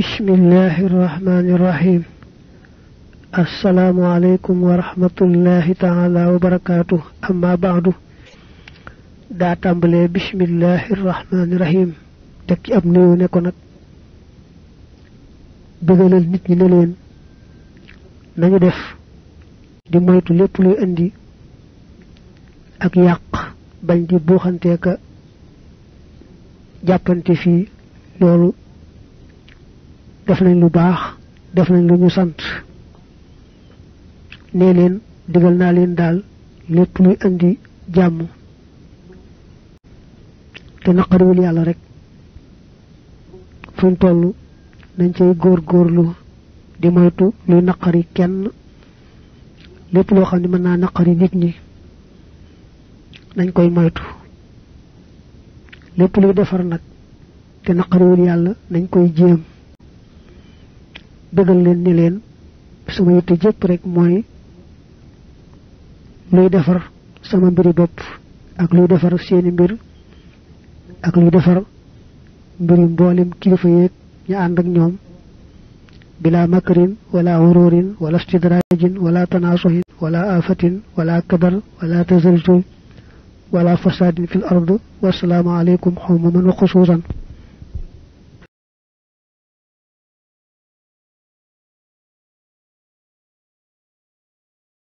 بسم الله الرحمن الرحيم السلام عليكم ورحمة الله تعالى وبركاته أما بعد دا تنبلي بسم الله الرحمن الرحيم دك أبني ونكونك بغل nit نلين ne leen nañu def di moytu lépp luy indi ak yàq def nañ lu baax def nañ lu ñu sant nee leen digal naa leen daal lépp luy andi jàmm te naqariwul yàlla rek fuñ toll nañ cay góor góorlu di moytu luy naqari kenn lépp loo xam ne mën naa naqari nit ñi nañ koy moytu lépp luy defar nag te naqariwul yàlla nañ koy jéem dëgal leen ni leen sama yitte jëpp rek mooy luy defar sama mbiri bopp ak luy defar seeni mbir ak luy defar mbiri mboolem kilifa yeeg ñu ànd ak ñoom bila makarin wala wururin wala istidrajin wala tanasuhin wala afatin wala kadar wala tazalzul wala fasadin fil ard wasalaamu alaykum xawma man wa xusuusan